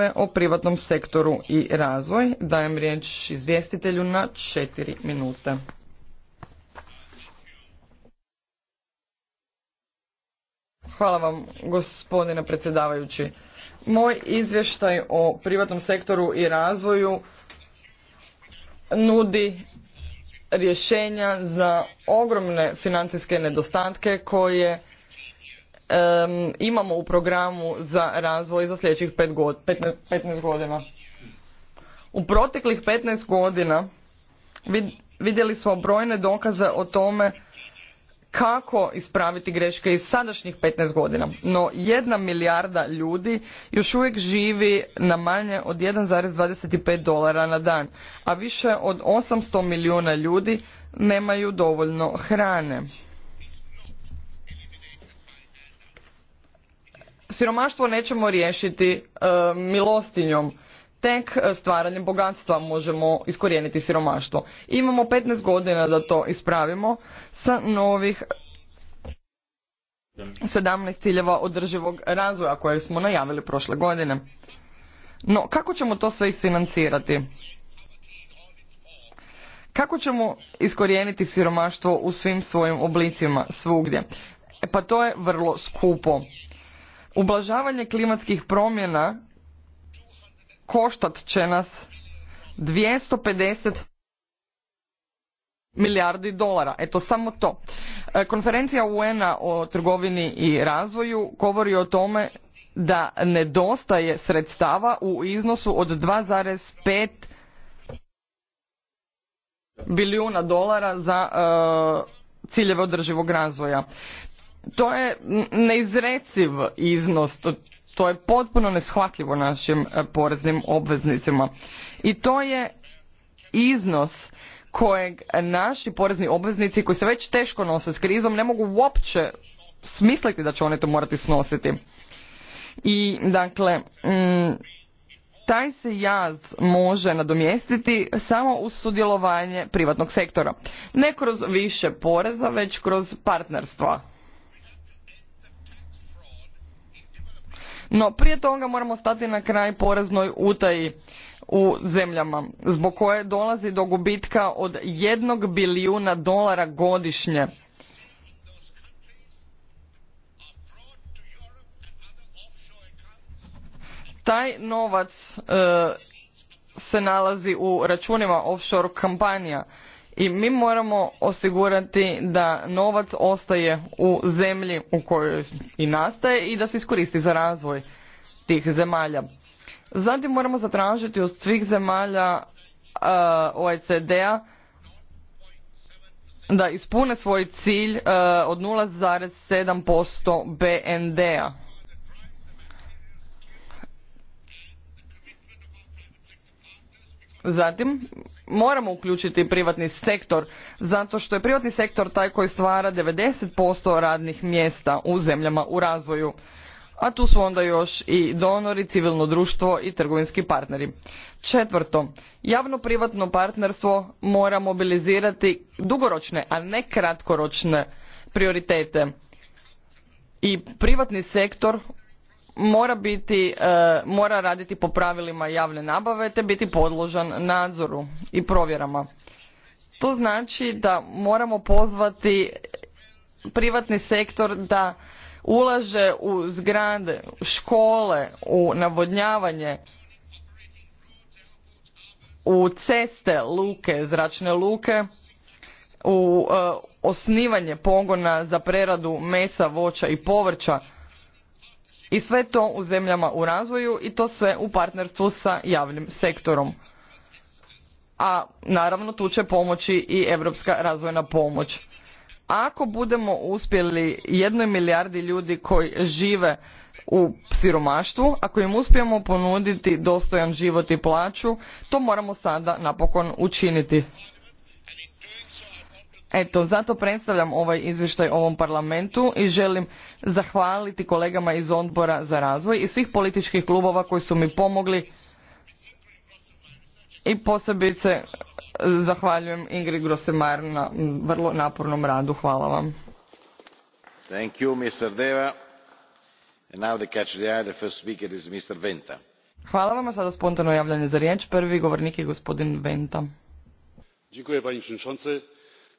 rasprave dakle, o privatnom sektoru i razvoj. Dajem riječ izvjestitelju na četiri minute. Hvala vam, gospodine predsjedavajući. Moj izvještaj o privatnom sektoru i razvoju nudi rješenja za ogromne financijske nedostatke koje imamo u programu za razvoj za sljedećih 15 godina. U proteklih 15 godina vidjeli smo brojne dokaze o tome kako ispraviti greške iz sadašnjih 15 godina. No jedna milijarda ljudi još uvijek živi na manje od 1,25 dolara na dan, a više od 800 milijuna ljudi nemaju dovoljno hrane. siromaštvo nećemo riješiti e, milostinjom tek e, stvaranjem bogatstva možemo iskorijeniti siromaštvo imamo 15 godina da to ispravimo sa novih 17 ciljeva održivog razvoja koje smo najavili prošle godine no kako ćemo to sve isfinancirati kako ćemo iskorijeniti siromaštvo u svim svojim oblicima svugdje e, pa to je vrlo skupo Ublažavanje klimatskih promjena koštat će nas 250 milijardi dolara. Eto, samo to. E, konferencija UN-a o trgovini i razvoju govori o tome da nedostaje sredstava u iznosu od 2,5 bilijuna dolara za e, ciljeve održivog razvoja to je neizreciv iznos, to, je potpuno neshvatljivo našim e, poreznim obveznicima. I to je iznos kojeg naši porezni obveznici koji se već teško nose s krizom ne mogu uopće smisliti da će oni to morati snositi. I dakle, mm, taj se jaz može nadomjestiti samo uz sudjelovanje privatnog sektora. Ne kroz više poreza, već kroz partnerstva No prije toga moramo stati na kraj poreznoj utaji u zemljama zbog koje dolazi do gubitka od jednog bilijuna dolara godišnje. Taj novac e, se nalazi u računima offshore kompanija i mi moramo osigurati da novac ostaje u zemlji u kojoj i nastaje i da se iskoristi za razvoj tih zemalja. Zatim moramo zatražiti od svih zemalja e, OECD-a da ispune svoj cilj e, od 0,7% BND-a. Zatim, moramo uključiti privatni sektor, zato što je privatni sektor taj koji stvara 90% radnih mjesta u zemljama u razvoju. A tu su onda još i donori, civilno društvo i trgovinski partneri. Četvrto, javno-privatno partnerstvo mora mobilizirati dugoročne, a ne kratkoročne prioritete. I privatni sektor mora biti, e, mora raditi po pravilima javne nabave te biti podložan nadzoru i provjerama. To znači da moramo pozvati privatni sektor da ulaže u zgrade, škole, u navodnjavanje, u ceste, luke, zračne luke, u e, osnivanje pogona za preradu mesa, voća i povrća i sve to u zemljama u razvoju i to sve u partnerstvu sa javnim sektorom. A naravno tu će pomoći i Europska razvojna pomoć. Ako budemo uspjeli jednoj milijardi ljudi koji žive u siromaštvu, ako im uspijemo ponuditi dostojan život i plaću, to moramo sada napokon učiniti. Eto, zato predstavljam ovaj izvještaj ovom parlamentu i želim zahvaliti kolegama iz odbora za razvoj i svih političkih klubova koji su mi pomogli i posebice e, zahvaljujem Ingrid Grosemar na vrlo napornom radu. Hvala vam. Thank you, Hvala vam, a sada spontano javljanje za riječ. Prvi govornik je gospodin Venta. Dziękuję,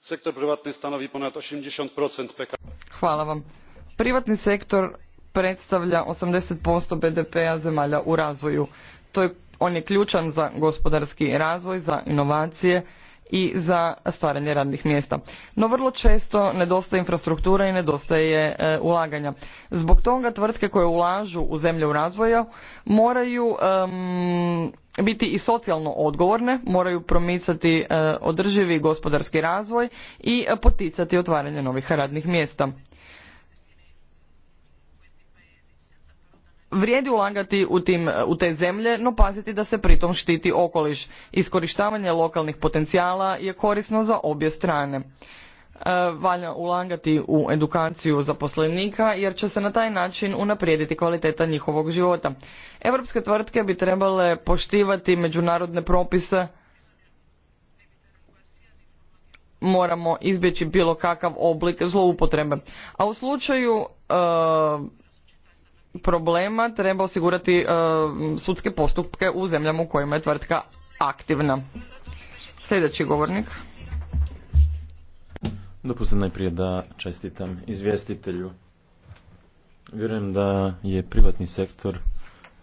sektor hvala vam privatni sektor predstavlja 80% BDP-a zemalja u razvoju on je ključan za gospodarski razvoj za inovacije i za stvaranje radnih mjesta no vrlo često nedostaje infrastruktura i nedostaje e, ulaganja zbog toga tvrtke koje ulažu u zemlje u razvoju moraju biti i socijalno odgovorne, moraju promicati e, održivi gospodarski razvoj i e, poticati otvaranje novih radnih mjesta. Vrijedi ulagati u, tim, e, u te zemlje, no paziti da se pritom štiti okoliš. Iskorištavanje lokalnih potencijala je korisno za obje strane. E, valja ulagati u edukaciju zaposlenika jer će se na taj način unaprijediti kvaliteta njihovog života. Europske tvrtke bi trebale poštivati međunarodne propise. Moramo izbjeći bilo kakav oblik zloupotrebe. A u slučaju e, problema treba osigurati e, sudske postupke u zemljama u kojima je tvrtka aktivna. Sljedeći govornik. Dopustite najprije da čestitam izvjestitelju. Vjerujem da je privatni sektor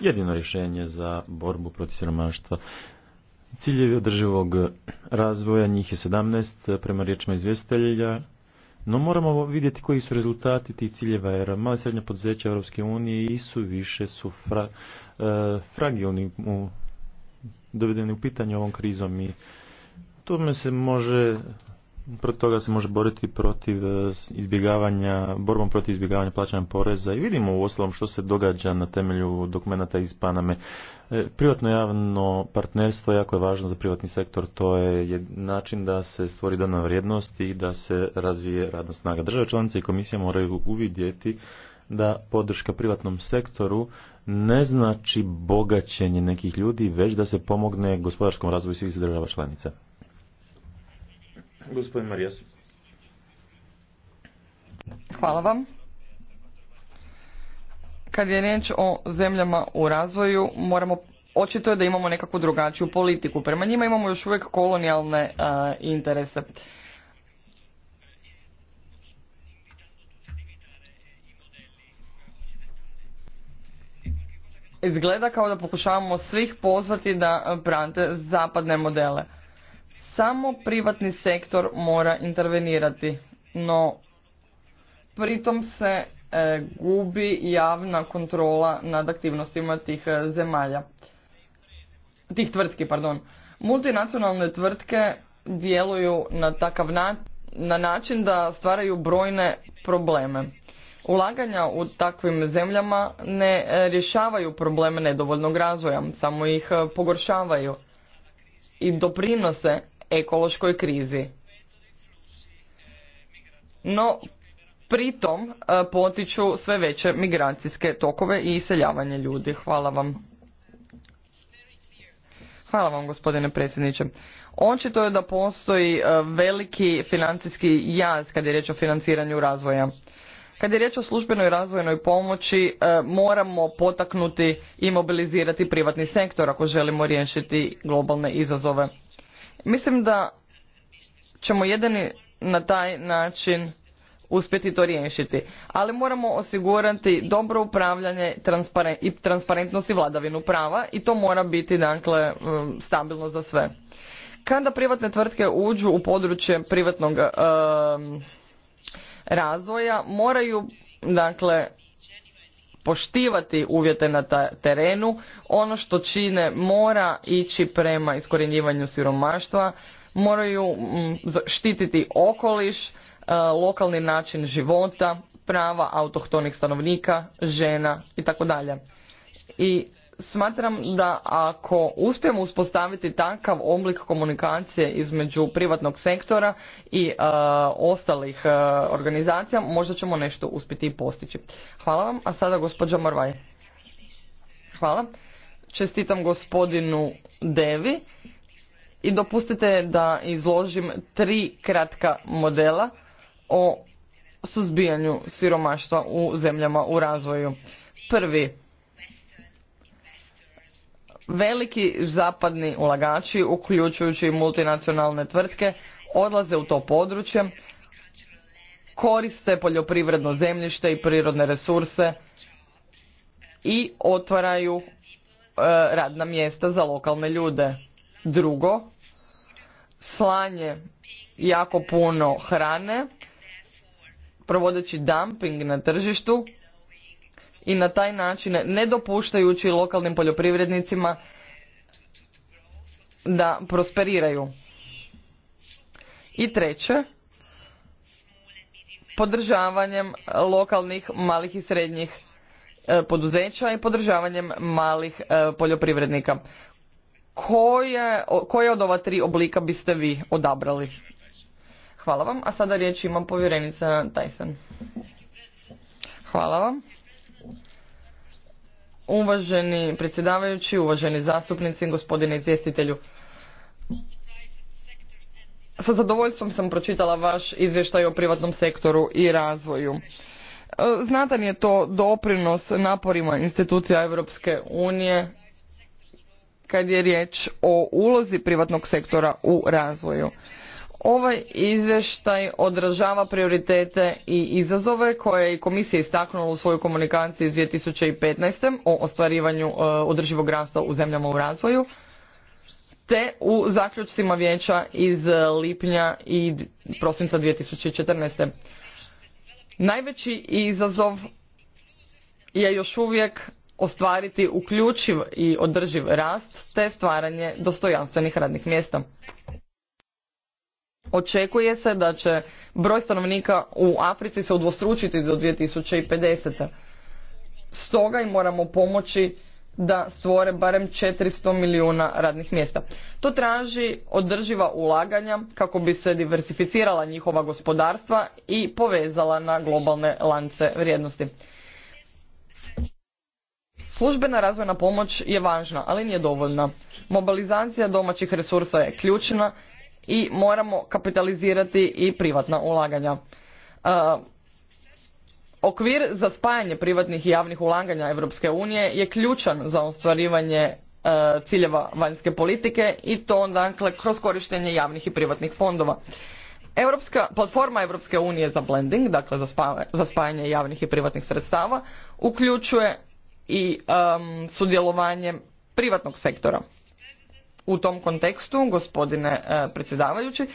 jedino rješenje za borbu protiv siromaštva. Ciljevi održivog razvoja, njih je 17 prema riječima izvjestitelja, no moramo vidjeti koji su rezultati tih ciljeva, jer male i srednje poduzeća Europske unije i su više su fra, e, fragilni, u, dovedeni u pitanje ovom krizom i tome se može protiv toga se može boriti protiv e, izbjegavanja, borbom protiv izbjegavanja plaćanja poreza i vidimo u osnovom što se događa na temelju dokumenta iz Paname. E, privatno javno partnerstvo jako je važno za privatni sektor, to je način da se stvori dana vrijednost i da se razvije radna snaga. Države članice i komisija moraju uvidjeti da podrška privatnom sektoru ne znači bogaćenje nekih ljudi, već da se pomogne gospodarskom razvoju svih država članica. Gospodin Marijas. Hvala vam. Kad je riječ o zemljama u razvoju, moramo očito je da imamo nekakvu drugačiju politiku. Prema njima imamo još uvijek kolonijalne e, interese. Izgleda kao da pokušavamo svih pozvati da prante zapadne modele. Samo privatni sektor mora intervenirati, no pritom se e, gubi javna kontrola nad aktivnostima tih e, zemalja, tih tvrtki, pardon. Multinacionalne tvrtke djeluju na takav na, na način da stvaraju brojne probleme. Ulaganja u takvim zemljama ne e, rješavaju probleme nedovoljnog razvoja, samo ih pogoršavaju i doprinose ekološkoj krizi. No, pritom e, potiču sve veće migracijske tokove i iseljavanje ljudi. Hvala vam. Hvala vam gospodine predsjedniče. Očito je da postoji e, veliki financijski jaz kad je riječ o financiranju razvoja. Kad je riječ o službenoj razvojnoj pomoći, e, moramo potaknuti i mobilizirati privatni sektor ako želimo riješiti globalne izazove. Mislim da ćemo jedini na taj način uspjeti to riješiti. Ali moramo osigurati dobro upravljanje i transparentnost i vladavinu prava i to mora biti dakle um, stabilno za sve. Kada privatne tvrtke uđu u područje privatnog um, razvoja moraju dakle poštivati uvjete na terenu, ono što čine mora ići prema iskorjenjivanju siromaštva, moraju mm, štititi okoliš, e, lokalni način života, prava autohtonih stanovnika, žena i tako dalje. I smatram da ako uspijemo uspostaviti takav oblik komunikacije između privatnog sektora i e, ostalih e, organizacija možda ćemo nešto uspjeti postići hvala vam a sada gospođa morvaj hvala čestitam gospodinu devi i dopustite da izložim tri kratka modela o suzbijanju siromaštva u zemljama u razvoju prvi Veliki zapadni ulagači, uključujući multinacionalne tvrtke, odlaze u to područje, koriste poljoprivredno zemljište i prirodne resurse i otvaraju e, radna mjesta za lokalne ljude. Drugo, slanje jako puno hrane, provodeći dumping na tržištu i na taj način ne dopuštajući lokalnim poljoprivrednicima da prosperiraju. I treće, podržavanjem lokalnih malih i srednjih e, poduzeća i podržavanjem malih e, poljoprivrednika. Koje, koje od ova tri oblika biste vi odabrali? Hvala vam, a sada riječ imam povjerenica Tyson. Hvala vam. Uvaženi predsjedavajući, uvaženi zastupnici, gospodine izvjestitelju. Sa zadovoljstvom sam pročitala vaš izvještaj o privatnom sektoru i razvoju. E, znatan je to doprinos naporima institucija Europske unije kad je riječ o ulozi privatnog sektora u razvoju. Ovaj izvještaj odražava prioritete i izazove koje je komisija istaknula u svojoj komunikaciji iz 2015. o ostvarivanju e, održivog rasta u zemljama u razvoju, te u zaključcima vijeća iz lipnja i prosinca 2014. Najveći izazov je još uvijek ostvariti uključiv i održiv rast te stvaranje dostojanstvenih radnih mjesta. Očekuje se da će broj stanovnika u Africi se udvostručiti do 2050. Stoga im moramo pomoći da stvore barem 400 milijuna radnih mjesta. To traži održiva ulaganja kako bi se diversificirala njihova gospodarstva i povezala na globalne lance vrijednosti. Službena razvojna pomoć je važna, ali nije dovoljna. Mobilizacija domaćih resursa je ključna i moramo kapitalizirati i privatna ulaganja. E, okvir za spajanje privatnih i javnih ulaganja Europske unije je ključan za ostvarivanje e, ciljeva vanjske politike i to dakle kroz korištenje javnih i privatnih fondova. Europska, platforma Europske unije za blending, dakle za, spajanje javnih i privatnih sredstava, uključuje i sudjelovanje privatnog sektora u tom kontekstu, gospodine e, predsjedavajući,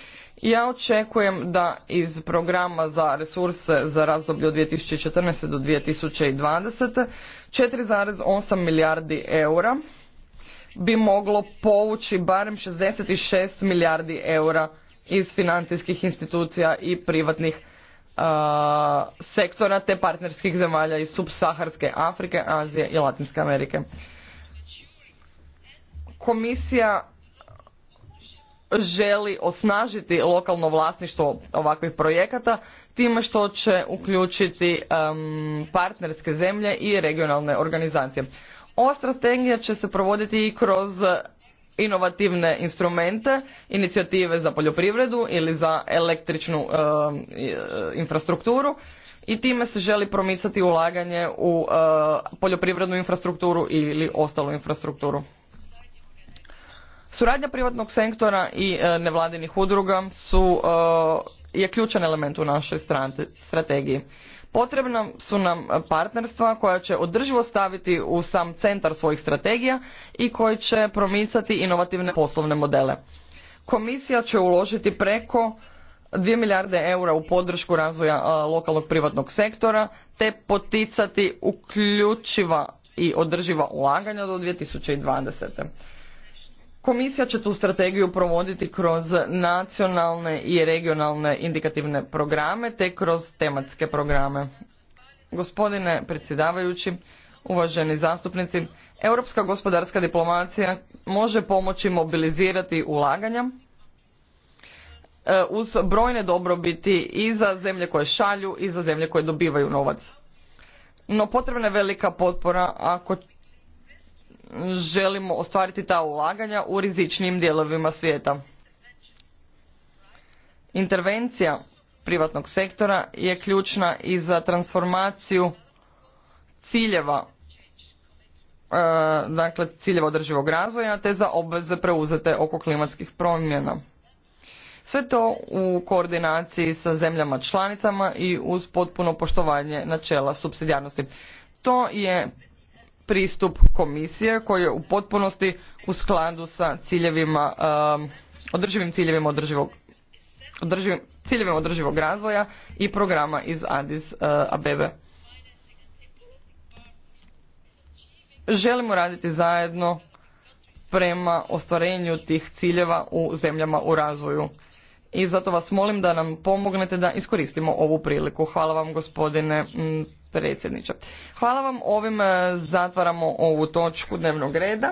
ja očekujem da iz programa za resurse za razdoblje od 2014. do 2020. 4,8 milijardi eura bi moglo povući barem 66 milijardi eura iz financijskih institucija i privatnih e, sektora te partnerskih zemalja iz subsaharske Afrike, Azije i Latinske Amerike komisija želi osnažiti lokalno vlasništvo ovakvih projekata time što će uključiti partnerske zemlje i regionalne organizacije. Ova strategija će se provoditi i kroz inovativne instrumente, inicijative za poljoprivredu ili za električnu e, infrastrukturu i time se želi promicati ulaganje u e, poljoprivrednu infrastrukturu ili ostalu infrastrukturu. Suradnja privatnog sektora i e, nevladinih udruga su, e, je ključan element u našoj strategiji. Potrebna su nam partnerstva koja će održivo staviti u sam centar svojih strategija i koji će promicati inovativne poslovne modele. Komisija će uložiti preko 2 milijarde eura u podršku razvoja e, lokalnog privatnog sektora te poticati uključiva i održiva ulaganja do 2020. Komisija će tu strategiju provoditi kroz nacionalne i regionalne indikativne programe te kroz tematske programe. Gospodine predsjedavajući, uvaženi zastupnici, europska gospodarska diplomacija može pomoći mobilizirati ulaganja e, uz brojne dobrobiti i za zemlje koje šalju i za zemlje koje dobivaju novac. No potrebna je velika potpora ako želimo ostvariti ta ulaganja u rizičnim dijelovima svijeta. Intervencija privatnog sektora je ključna i za transformaciju ciljeva e, dakle ciljeva održivog razvoja te za obveze preuzete oko klimatskih promjena. Sve to u koordinaciji sa zemljama članicama i uz potpuno poštovanje načela subsidijarnosti. To je pristup komisije koji je u potpunosti u skladu sa ciljevima um, održivim ciljevima održivog ciljevima održivog razvoja i programa iz Addis uh, Abebe. Želimo raditi zajedno prema ostvarenju tih ciljeva u zemljama u razvoju. I zato vas molim da nam pomognete da iskoristimo ovu priliku. Hvala vam gospodine predsjedniče. Hvala vam, ovim e, zatvaramo ovu točku dnevnog reda.